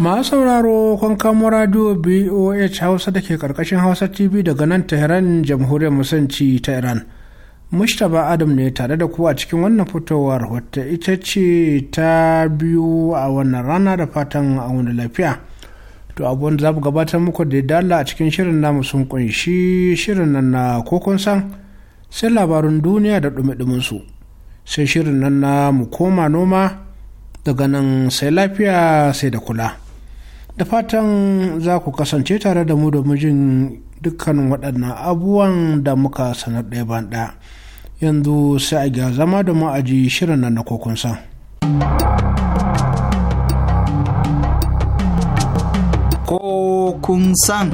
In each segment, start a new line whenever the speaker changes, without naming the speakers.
masu sauraro kun kamo radio boh hausa da ke karkashin hausa tv daga nan tehran jamhuriyar musanci ta iran mustapha adam ne tare da ku a cikin wannan fitowar wata ita ce ta biyu a wannan rana da fatan a wani lafiya to abu da za mu gabatar muku da dala a cikin shirin namu sun kunshi shirin nan na kokon sai labarun duniya da su sai shirin nan na mu koma noma daga nan sai lafiya sai da kula. da fatan za ku kasance tare da mu domin jin dukkanin waɗannan abubuwan da muka sanar ɗaya ban ɗaya yanzu sai a gya zama da ma'aji shirin nan na kokun
Kokunsan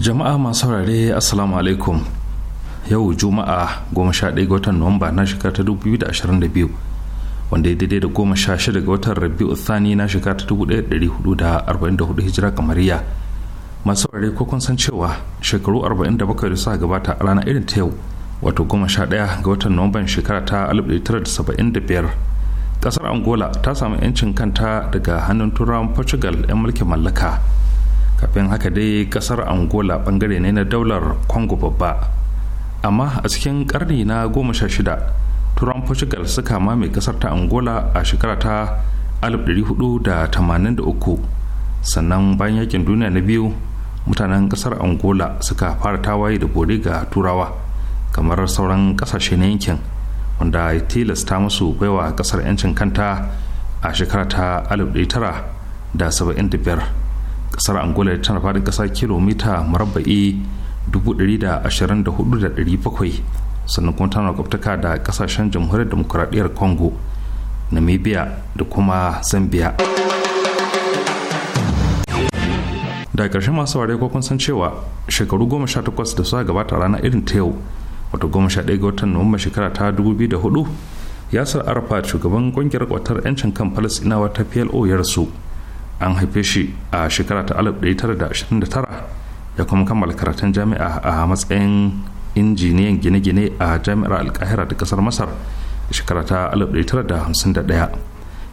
jama'a masu saurare assalamu alaikum yau juma'a 11 watan nuwamba na shekara ta 2022 wanda ya daidai da goma sha shida ga watan rabi'u thani na shekara ta dubu ɗaya ɗari hudu da arba'in da hudu hijira kamariya masu saurare ko kun san cewa shekaru arba'in da bakwai da suka gabata a ranar irin ta yau wato goma sha ɗaya ga watan nuwamban shekara ta alif ɗari tara da saba'in da biyar ƙasar angola ta samu 'yancin kanta daga hannun turawan portugal 'yan mulkin mallaka kafin haka dai ƙasar angola bangare ne na daular congo babba amma a cikin karni na goma sha shida turan portugal suka mame kasar ta angola a shekara ta 1483 sannan bayan yakin duniya na biyu mutanen kasar angola suka fara tawaye da bore ga turawa kamar sauran kasashe na yankin wanda ya tilasta musu baiwa kasar 'yancin kanta a shekara ta 1975 kasar angola tana faɗin ƙasa kilomita marabba'i sannan kuma tana kwabtaka da kasashen jamhuriyar demokuraɗiyyar congo namibia da kuma zambia da ƙarshe masu ware kun san cewa shekaru goma sha takwas da suka gabata rana irin ta yau wato goma sha ɗaya ga watan nuwamba shekara ta dubu biyu da hudu yasir arafat shugaban ƙungiyar kwatar 'yancin kan falasɗinawa ta plo ya rasu an haife shi a shekara ta 1929 ya kuma kammala karatun jami'a a matsayin injiniyan gine-gine a jami'ar alkahira da kasar masar a shekara ta 1951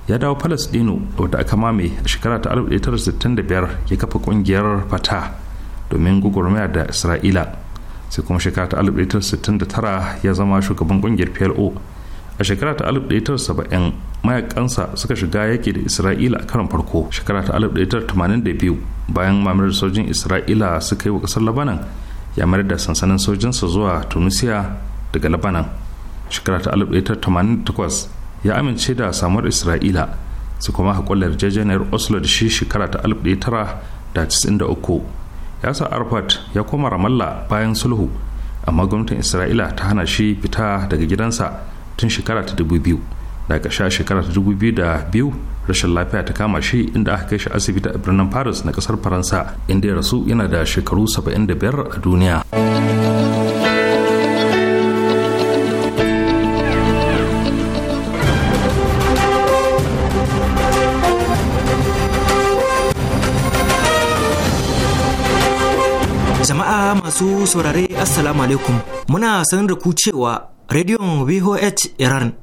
ya dawo palestino wadda aka mame a shekara ta 1965 ya kafa kungiyar fata domin gugurmaya da isra'ila sai kuma shekara ta 1969 ya zama shugaban kungiyar plo a shekara ta 1970 mayakansa suka shiga yake da isra'ila a karon farko shekara ta 1982 bayan mamarar sojin isra'ila suka yi wa kasar labanan ya mayar da sansanin sojinsa zuwa tunisia daga labanan shekara ta 1988 ya amince da samuwar isra'ila su kuma haƙulla yarjejeniyar oslo da shi shekara ta 1993 ya sa arfat ya koma ramallah bayan sulhu amma gwamnatin isra'ila ta hana shi fita daga gidansa tun shekara ta 2000 daga sha shekara ta 2002 rashin lafiya ta kama shi inda aka kai shi asibiti a birnin paris na kasar faransa inda ya rasu yana da shekaru 75 a duniya
jama'a masu saurare assalamu alaikum muna sanar da ku cewa rediyon voh iran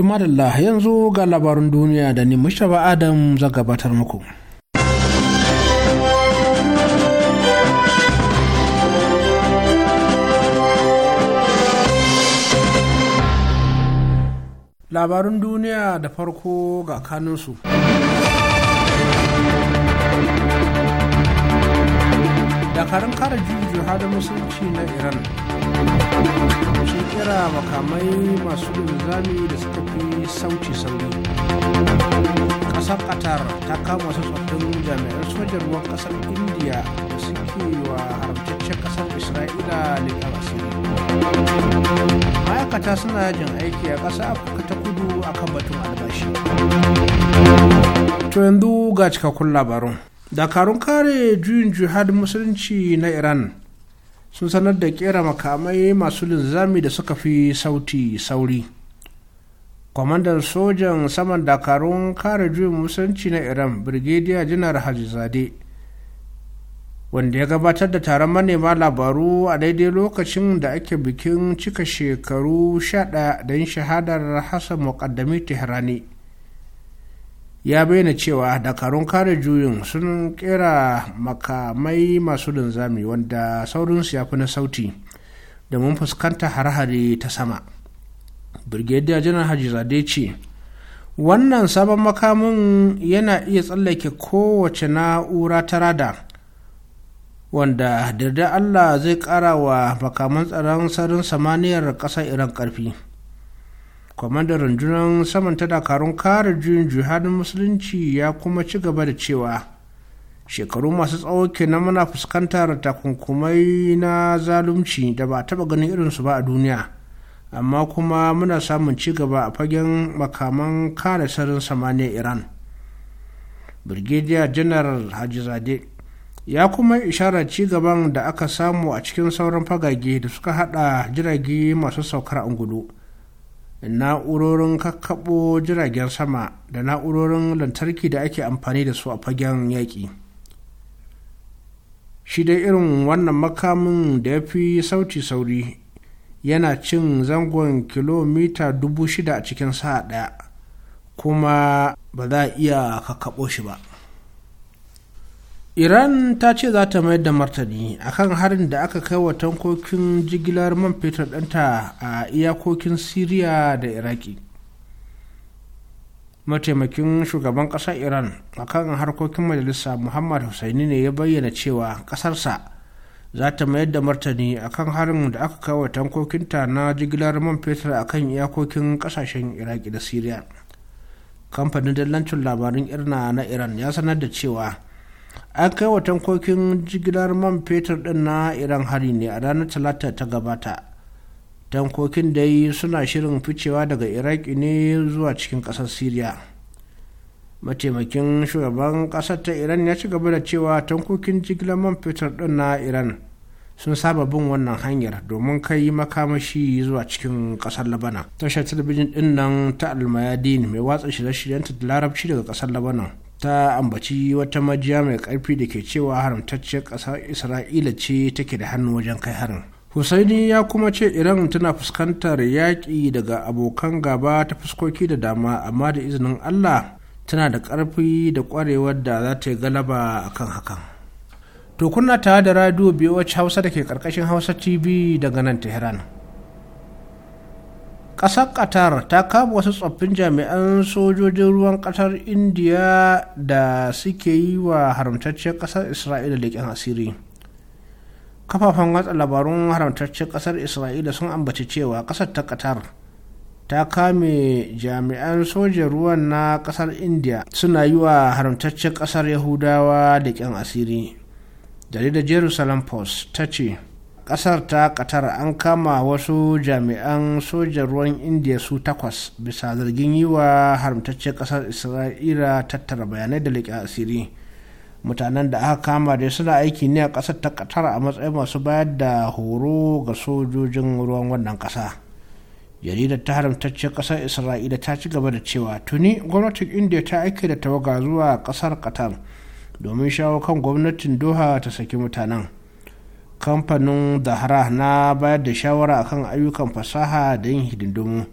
Tuma
da yanzu ga labarin duniya da ni mushaba Adam zan gabatar muku. Labarin duniya da farko ga kanunsu. dakarun kara juju halin musulunci na iran sun kira makamai masu linzami da suka fi sauci sauri kasar qatar ta kama wasu tsoffin jami'an sojan ruwan kasar Indiya da suke wa haramtaccen kasar isra'ila leƙar asiri ma'aikata suna jin aiki a ƙasar afirka ta kudu akan batun albashi to yanzu ga cikakkun labarun dakarun kare juyin jihad musulunci na iran sun sanar da kera makamai masu linzami da suka fi sauti sauri kwamandan sojan saman dakarun kare juyin musulunci na iran brigadier janar hajizade wanda ya gabatar da taron manema labaru a daidai lokacin da ake bikin cika shekaru 11 don shahadar hassan muƙaddami tehrani ya bayyana cewa dakarun kare juyin sun kera makamai masu linzami wanda saurinsu ya fi na sauti da mun fuskanta har-hare ta sama birgediya janar haji zade ce wannan sabon makamin yana iya tsallake kowace na'ura ta rada wanda da allah zai kara wa makaman tsaron sararin samaniyar ƙasa iran ƙarfi kwamandan rundunar saman ta dakarun kare juyin jihadin musulunci ya kuma ci gaba da cewa shekaru masu tsawo kenan muna fuskantar takunkumai na zalunci da ba taba ganin irinsu ba a duniya amma kuma muna samun ci gaba a fagen makaman kare sarin samaniya iran brigadier general hajizade ya kuma ishara ci gaban da aka samu a cikin sauran fagage da suka hada jirage masu saukar angulu. na'urorin kakkaɓo jiragen sama da na'urorin lantarki da ake amfani da su a fagen yaƙi shi dai irin wannan makamin da ya fi sauti sauri yana cin zangon kilomita 6,000 a cikin sa'a ɗaya kuma ba za a iya kakkaɓo shi ba iran ta ce za ta mayar da martani akan harin da aka kai wa tankokin jigilar man fetur ɗanta a iyakokin siriya da iraki mataimakin shugaban ƙasar iran akan harkokin majalisa muhammad hussaini ne ya bayyana cewa ƙasarsa za ta mayar da martani akan harin da aka kai wa tankokinta na jigilar man fetur a kan iyakokin ƙasashen iraki da siriya kamfanin dallancin labarin irna na iran ya sanar da cewa an kai wa tankokin jigilar man fetur din na iran hari ne a ranar talata ta gabata tankokin dai suna shirin ficewa daga iraki ne zuwa cikin kasar syria mataimakin shugaban kasar ta iran ya ci gaba da cewa tankokin jigilar man fetur din na iran sun saba bin wannan hanyar domin kai makamashi zuwa cikin kasar labanan tashar talabijin din nan ta almayadin mai watsa shirye-shiryenta da larabci daga kasar labanan ta ambaci wata majiya mai karfi da ke cewa haramtacciyar ƙasar isra'ila ce take da hannu wajen kai harin husaini ya kuma ce iran tana fuskantar yaƙi daga abokan gaba ta fuskoki da dama amma da izinin allah tana da ƙarfi da ƙwarewar da za ta yi galaba akan hakan to kuna tare da radio biyu wacce hausa da ke ƙarƙashin hausa tv daga nan tehran ƙasar qatar ta kama wasu tsoffin jami'an sojojin ruwan ƙasar indiya da suke yi wa haramtacciyar ƙasar isra'ila leƙen asiri kafafen watsa labarun haramtacciyar ƙasar isra'ila sun ambaci cewa ƙasar ta qatar ta kame jami'an sojin ruwan na ƙasar indiya suna yi wa haramtaccen ƙasar yahudawa da kyan asiri jaridar jerusalem post ta ce kasar ta katar an kama wasu jami'an sojan ruwan indiya su takwas bisa zargin yi wa haramtacce kasar isra'ila tattara bayanai da leƙa asiri mutanen da aka kama dai suna aiki ne a kasar ta katar a matsayin masu bayar da horo ga sojojin ruwan wannan kasa jaridar ta haramtacce kasar isra'ila ta ci gaba da cewa tuni gwamnatin indiya ta aiki da tawaga zuwa kasar katar domin shawo kan gwamnatin doha ta saki mutanen kamfanin dahara na bayar da shawara a kan ayyukan fasaha da yin hidindimu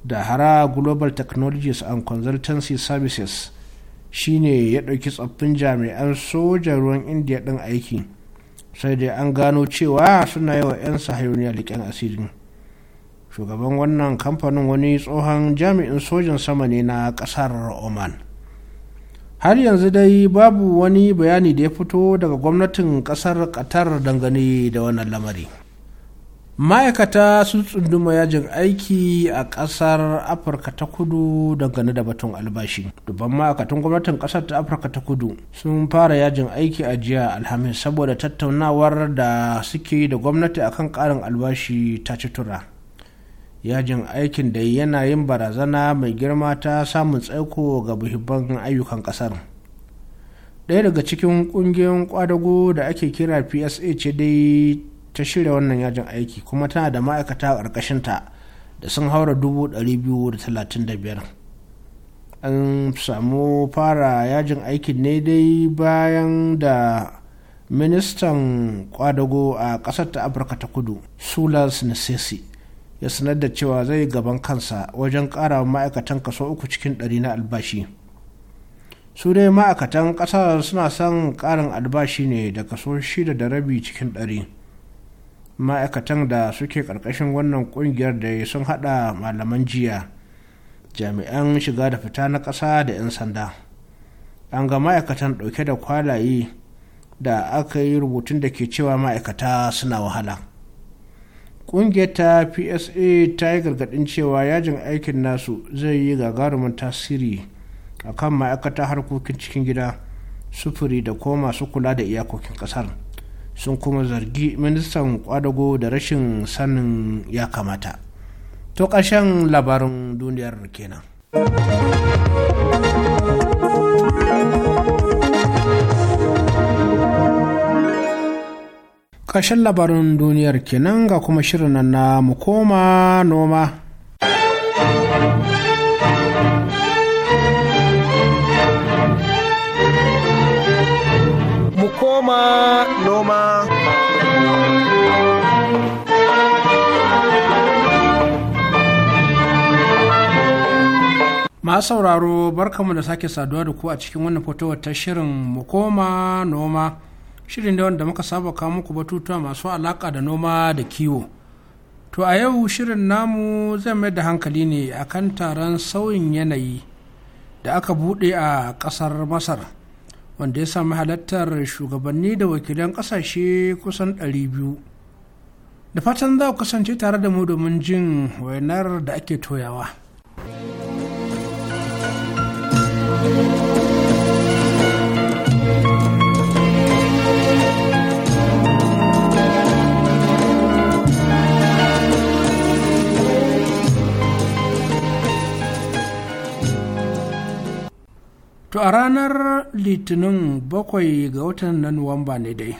dahara global technologies and consultancy services shine ya ɗauki tsoffin jami'an sojan ruwan indiya ɗin aiki sai dai an gano cewa suna yawa 'yan sahayoniya liƙen asirin shugaban wannan kamfanin wani tsohon jami'in sojan sama ne na ƙasar oman har yanzu dai babu wani bayani da ya fito daga gwamnatin kasar qatar dangane da wannan lamari ma'aikata sun tsunduma yajin aiki a kasar afirka ta kudu dangane da batun albashi dubban ma'aikatan gwamnatin kasar ta afirka ta kudu sun fara yajin aiki a jiya alhamis saboda tattaunawar da suke da gwamnati akan karin albashi ta ci tura yajin aikin da yana yin barazana mai girma ta samun tsaiko ga muhimman ayyukan kasar ɗaya daga cikin ƙungiyoyin kwadago da ake kira psa ce dai ta shirya wannan yajin aiki kuma tana da ma'aikata a ƙarƙashinta da sun haura biyar. an samu fara yajin aikin ne dai bayan da ministan kwadago a ƙasar ta afirka ta kudu sulas nasesi ya sanar da cewa zai gaban kansa wajen ƙara ma'aikatan kaso uku cikin ɗari na albashi su dai ma'aikatan ƙasar suna son ƙarin albashi ne da kaso shida da rabi cikin ɗari ma'aikatan da suke ƙarƙashin wannan ƙungiyar da sun haɗa malaman jiya jami'an shiga da fita na ƙasa da 'yan sanda an ga ma'aikatan ɗauke da kwalaye da aka yi rubutun da ke cewa ma'aikata suna wahala ƙungiyar ta psa ta yi gargadin cewa yajin aikin nasu zai yi gagarumin tasiri a kan ma'aikata harkokin cikin gida sufuri da ko masu kula da iyakokin kasar sun kuma zargi ministan kwadago da rashin sanin ya kamata to ƙarshen labarin duniyar kenan. kashin labarin duniyar kenan ga kuma shirin nan na mu koma noma koma noma masu sauraro barkamu da sake saduwa da ku a cikin wannan fotowar ta shirin mu koma noma shirin da wanda muka saba kawo muku batutuwa masu alaka da noma da kiwo to a yau shirin namu zai mai da hankali ne akan taron sauyin yanayi da aka buɗe a ƙasar masar wanda ya sami halattar shugabanni da wakilan ƙasashe kusan biyu da fatan za ku kasance tare da mu domin jin wainar da ake toyawa. to a ranar litinin bakwai ga watan na nuwamba ne dai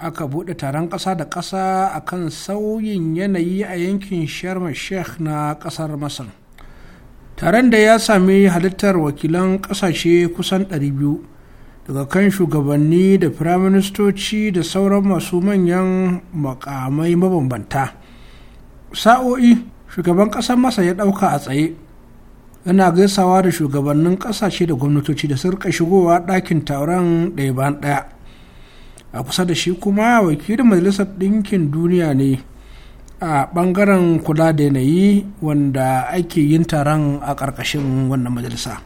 aka buɗe taron ƙasa da ƙasa a kan sauyin yanayi a yankin sharm sheikh na ƙasar masar taron da ya sami halittar wakilan ƙasashe kusan 200 daga kan shugabanni da firaministoci da sauran masu manyan makamai mabambanta sa'o'i shugaban ƙasar masa ya ɗauka a tsaye yana gaisawa da shugabannin kasashe da gwamnatoci da sun shigowa ɗakin taron ɗaya bayan ɗaya a kusa da shi kuma wakilin majalisar ɗinkin duniya ne a ɓangaren kula da yanayi wanda ake yin taron a ƙarƙashin wannan majalisa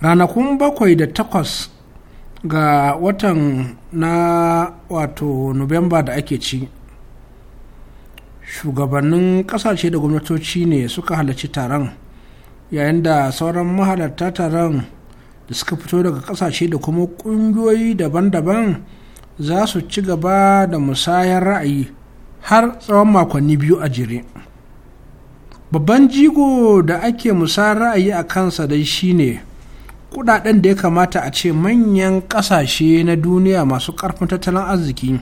ranakun bakwai da takwas ga watan na wato nuwamba da ake ci shugabannin ƙasashe da gwamnatoci ne suka halarci taron yayin da sauran mahalarta taron da suka fito daga kasashe da kuma ƙungiyoyi daban-daban za su ci gaba da musayar ra'ayi har tsawon makonni biyu a jere babban jigo da ake musayar ra'ayi a kansa dai shine kudaden da ya kamata a ce manyan kasashe na duniya masu karfin tattalin arziki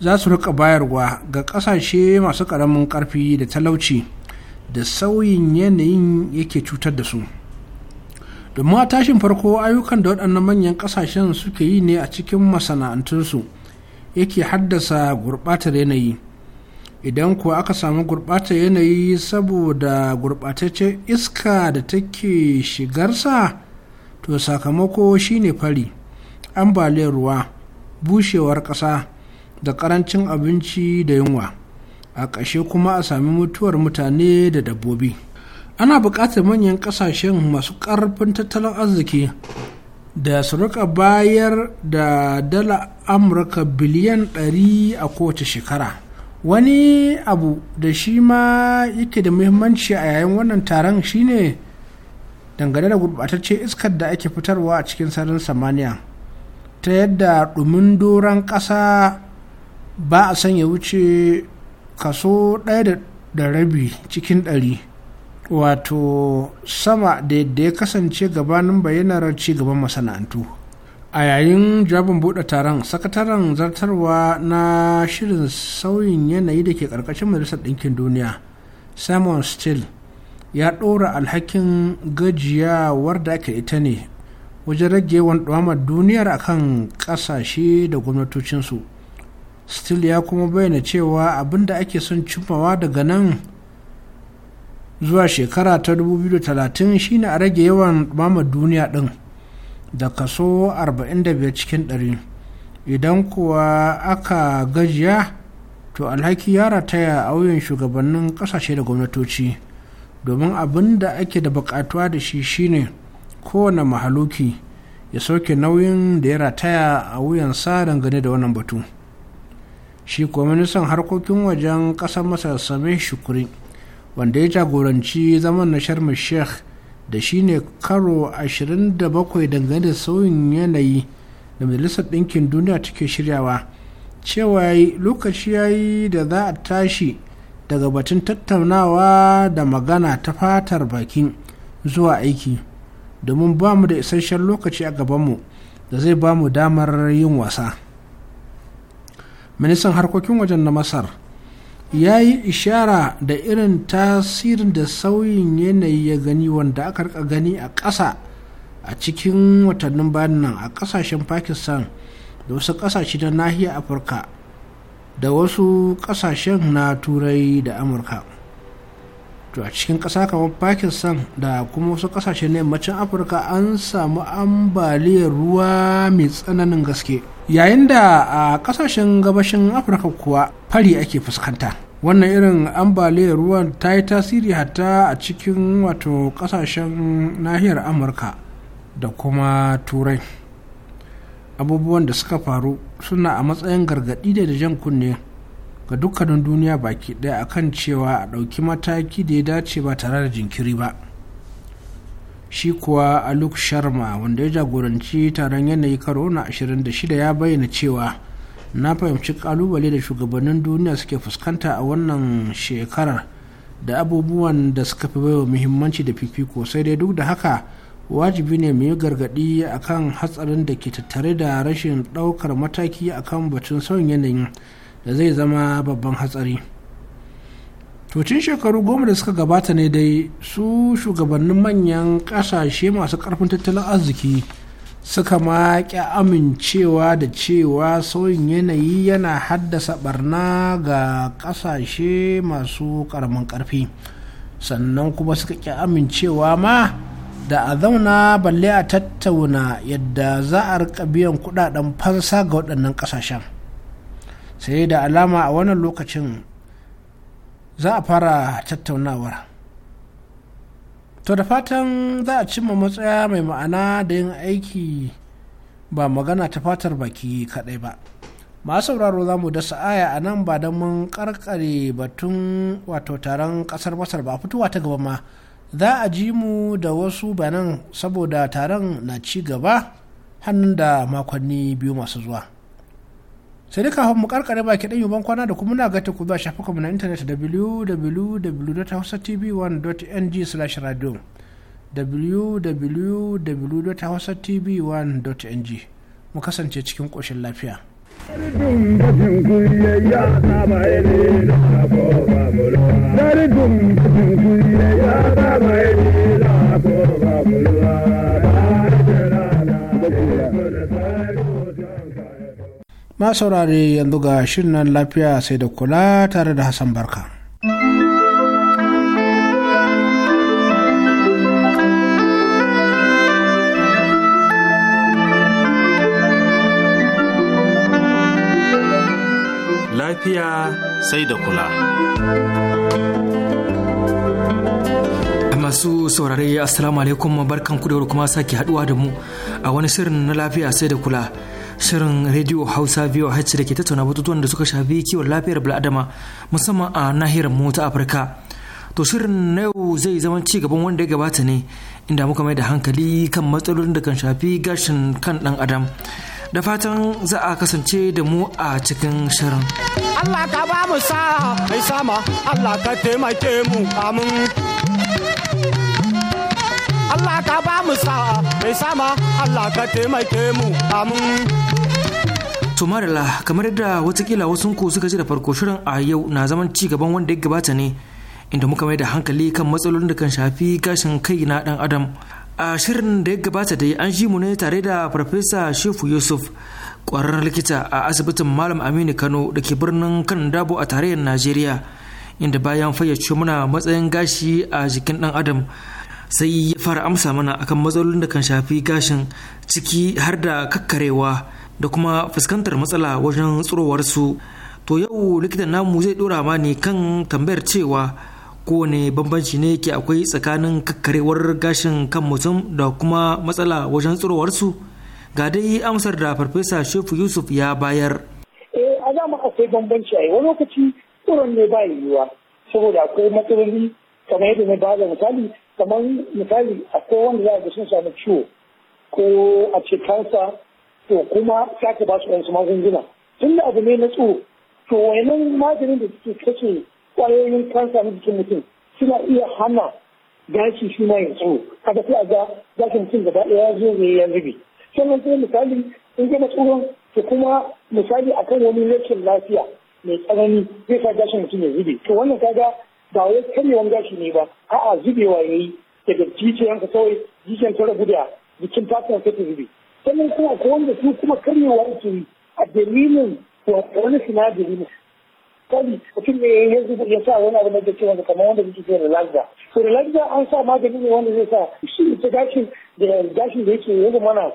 za su rika bayarwa ga kasashe masu karamin karfi da talauci da sauyin yanayin yake cutar da su domin a tashin farko ayyukan da waɗannan manyan ƙasashen suke yi ne a cikin masana'antunsu yake haddasa gurɓatar yanayi idan kuwa aka samu gurɓatar yanayi saboda gurɓataccen iska da take shigarsa to sakamako shine fari ambaliyar ruwa bushewar ƙasa da ƙarancin abinci da yunwa. a ƙashe kuma a sami mutuwar mutane da dabbobi ana buƙatar manyan ƙasashen masu ƙarfin tattalin arziki da su rika bayar da dala amurka biliyan 100 a kowace shekara wani abu da shi ma yake da muhimmanci a yayin wannan taron shine dangane da gurɓataccen iskar da ake fitarwa a cikin sararin samaniya ta yadda ɗumin doron ƙasa ba a sanya wuce kaso ɗaya da rabi cikin ɗari wato sama da yadda ya kasance gabanin bayyanar ci gaban masana'antu a yayin jawabin buɗe taron sakataren zartarwa na shirin sauyin yanayi da ke ƙarƙashin majalisar ɗinkin duniya simon steele ya ɗora alhakin gajiyawar da ake ita ne wajen rage wani duniyar akan ƙasashe da gwamnatocinsu still ya kuma bayyana cewa abin da ake son cimmawa daga nan zuwa shekara ta 2030 shine a rage yawan mama duniya din da kaso 45 cikin 100 idan kuwa aka gajiya to alhaki ya rataya a wuyan shugabannin kasashe da gwamnatoci domin abin da ake da bukatuwa da shi shine kowane mahaluki ya sauke nauyin da ya rataya a wuyan sa dangane da wannan batu. shi kuwa ministan harkokin wajen ƙasar masar same shukuri wanda ya jagoranci zaman na sharm sheikh da shi ne karo 27 dangane da sauyin yanayi da majalisar ɗinkin duniya take shiryawa cewa lokaci ya yi da za a tashi daga batun tattaunawa da magana ta fatar baki zuwa aiki domin ba mu da isasshen lokaci a gabanmu da zai ba mu damar yin wasa. ministan harkokin wajen na masar ya yi ishara da irin tasirin da sauyin yanayi ya gani wanda aka rika gani a ƙasa a cikin watannin bayan nan a ƙasashen pakistan da wasu ƙasashe na nahiyar afirka da wasu ƙasashen na turai da amurka to a cikin ƙasa kamar pakistan da kuma wasu ƙasashe na yammacin afirka an samu ambaliyar ruwa mai tsananin gaske yayin da a ƙasashen gabashin afirka kuwa fari ake fuskanta wannan irin ambaliyar ruwan ta yi tasiri hatta a cikin wato ƙasashen nahiyar amurka da kuma turai abubuwan da suka faru suna a matsayin gargaɗi da jan kunne ga dukkanin duniya baki ɗaya akan cewa a ɗauki mataki da ya dace ba tare da jinkiri ba shi kuwa aluk sharma wanda ya jagoranci taron yanayi karo na 26 ya bayyana cewa na fahimci kalubale da shugabannin duniya suke fuskanta a wannan shekarar da abubuwan da suka fi baiwa muhimmanci da fifiko sai dai duk da haka wajibi ne mu yi gargaɗi akan hatsarin da ke tattare da rashin ɗaukar mataki akan batun sauyin yanayin da zai zama babban hatsari cin shekaru goma da suka gabata ne dai su shugabannin manyan kasashe masu karfin tattalin arziki suka maƙi amincewa da cewa sauyin yanayi yana haddasa barna ga kasashe masu karamin karfi sannan kuma suka ƙi amincewa ma da a zauna balle a tattauna yadda za a rika biyan kudaden fansa ga waɗannan ƙasashen sai da alama a wannan lokacin za a fara tattaunawar to da fatan za a cimma matsaya mai ma'ana da yin aiki ba magana ta fatar baki kaɗai ba masu sauraro za mu da aya a nan ba don mun karkare batun wato taron ƙasar masar ba fitowa ta gaba ma za a ji mu da wasu bayanan saboda taron na ci gaba hannun da makonni biyu masu zuwa. sai dai kafin mu karkare baki dan yuban kwana da kuma na gata ku zuwa mu na internet www.hausatv1.ng/radio www.hausatv1.ng mu kasance cikin koshin lafiya. Dari dum dum ya ni ko ko ba ma saurare yanzu ga shirin nan lafiya sai da kula tare da hassan barka
lafiya sai da kula
masu saurare assalamu alaikum barkan ku da kuma sake haduwa da mu a wani shirin na lafiya sai da kula shirin rediyo hausa biyu hacci da ke tattauna batutuwan da suka shafi kiwon lafiyar bil'adama musamman a nahiyar mu ta afirka to shirin na yau zai zama ci gaban wanda ya gabata ne inda muka mai da hankali kan matsalolin da kan shafi gashin kan dan adam da fatan za a kasance da mu a cikin shirin
Allah ka ba mu sa
mai sama Allah ka taimake mu amin mu sa'a mai sama Allah ka taimake mu amin. Tumarila kamar da watakila wasu ku suka ji da farko shirin a yau na zaman ci gaban wanda ya gabata ne inda muka mai da hankali kan matsalolin da kan shafi gashin kai na dan adam. A shirin da ya gabata dai an ji mu ne tare da Farfesa Shefu Yusuf kwararren likita a asibitin Malam Aminu Kano da ke birnin kan dabo a tarayyar Najeriya inda bayan fayyace muna matsayin gashi a jikin dan adam sai ya fara amsa mana akan matsalolin da kan shafi gashin ciki har da kakkarewa da kuma fuskantar matsala wajen su to yau likitan namu zai dora ma ne kan tambayar cewa kowane bambanci ne ke akwai tsakanin kakkarewar gashin kan mutum da kuma matsala wajen su ga dai amsar da farfesa shefu yusuf ya bayar
eh, bambanci a lokaci ne yiwuwa saboda akwai matsaloli kamar yadda na ba da misali kamar misali a kowane za a ga sun samu ciwo ko a ce kansa to kuma sake ba su wasu magunguna tun da abu ne na tsoro to wayannan maganin da suke kace kwayoyin kansa na jikin mutum suna iya hana gashi shi ma ya tsoro kaga sai a ga gashin mutum gaba ɗaya ya zo ne ya zube sannan kuma misali in gama tsoron to kuma misali akan wani rashin lafiya mai tsanani zai sa gashin mutum ya zube to wannan kaga ba wai karyewan gashi ne ba a'a zubewa ya yi daga ka kawai jijiyan ta rabu da jikin fatan sai ta zube sannan kuma ko wanda su kuma karyewa ake yi a dalilin wato wani sinadari ne kali mutum ne ya zuba ya sa wani abu na da cewa kamar wanda kuke da relaxa to relaxa an sa magani ne wanda zai sa shi ta gashin da gashin da yake yanzu mana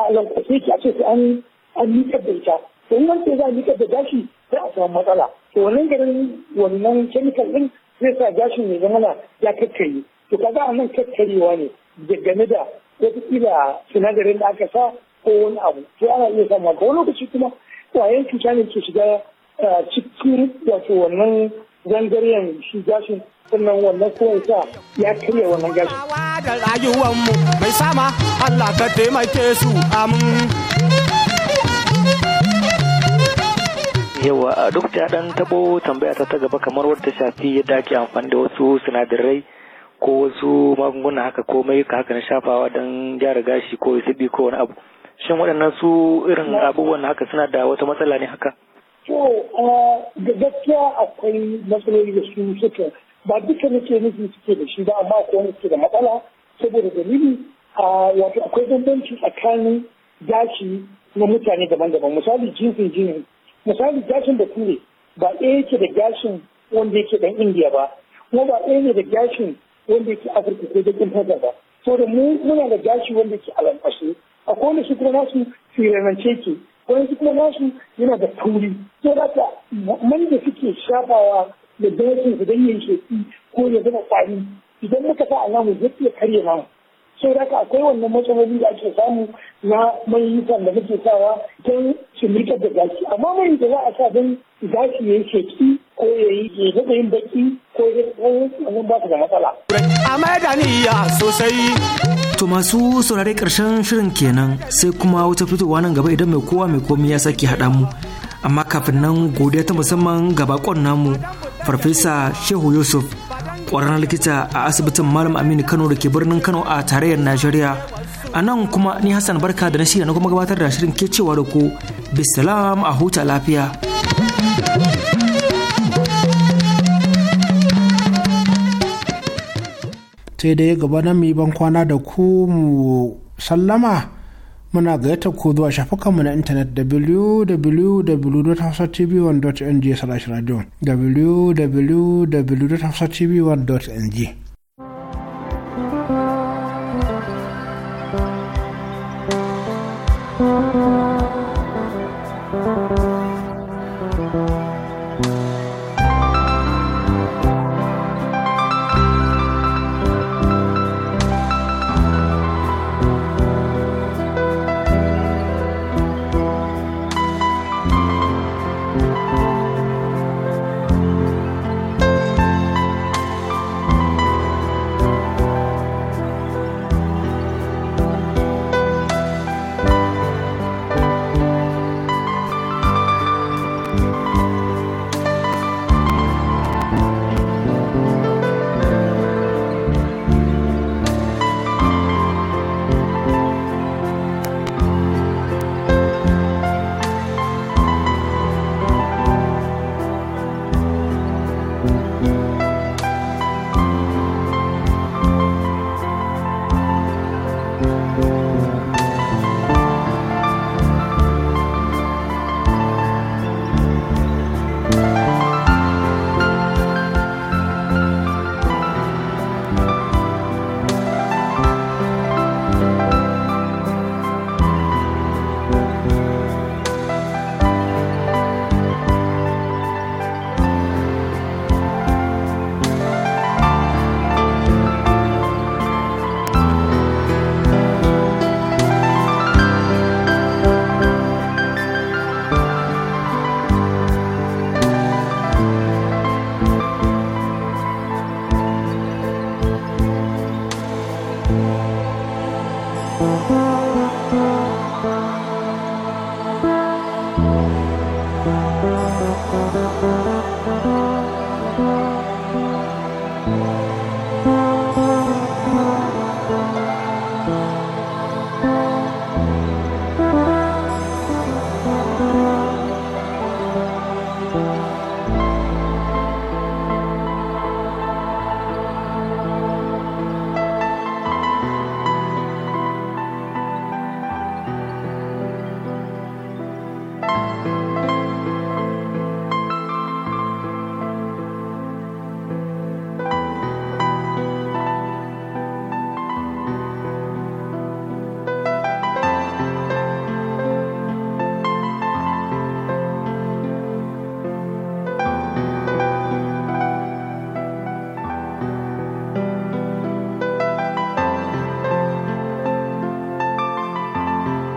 a lankwace yake a ce sai an an miƙar da ita to in an za a miƙar da gashi za a samu matsala to wannan garin wannan kemikal din zai sa gashin ya zama na ya kakkare to kaga a nan kakkarewa ne game da wataƙila sinadarin da aka sa ko wani abu to ana iya samuwa ga wani lokaci kuma kwayan cuta ne ke shiga cikin wato wannan zangaren shi gashin sannan wannan kowai sa ya karya wannan gashin.
Da rayuwanmu mai sama Allah ka taimake su amin. yawa a duk da dan tabo tambaya ta gaba kamar wata shafi yadda ake amfani da wasu sinadarai ko wasu magunguna haka ko mai haka na shafawa don gyara gashi ko sibi ko wani abu shin waɗannan su irin abubuwan haka suna da wata matsala ne haka
to da gaskiya akwai matsaloli da su suka ba duka nake suke da shi ba amma ko wani suke da matsala saboda dalili wato akwai bambanci tsakanin gashi na mutane daban-daban misali jinsin jini misali gashin da kure ba ɗaya yake da gashin wanda yake ɗan indiya ba kuma ba ɗaya ne da gashin wanda yake afirka ko bakin fata ba so da mu muna da gashi wanda yake a lankwashe a kowane su kuma nasu firanance ke wani su kuma nasu yana da tauri so da ka man da suke shafawa da gashin su don yanke ko ya zama kwari idan muka sa alamu zai iya karya namu sai da akwai wannan matsaloli da ake samu na mayukan da muke sawa don su da gashi amma mai da za a sa don gashi ya yi sheki ko ya yi ya yin baki ko ya wannan ba su da matsala. A amma da niyya
sosai. To masu saurare karshen shirin kenan sai kuma wata fitowa nan gaba idan mai kowa mai komi ya sake haɗa mu. Amma kafin nan godiya ta musamman gaba bakon namu Farfesa Shehu Yusuf ƙwararren likita a asibitin malam aminu kano da ke birnin kano a tarayyar najeriya a nan kuma ni hassan barka da na shirya na kuma gabatar da shirin ke cewa da ku bisalam a huta lafiya sai gaba na
ban kwana da ku mu sallama muna gayyatar ku zuwa shafukanmu na intanet www.hausatv1.ng/radio www.hausatv1.ng
Thank you.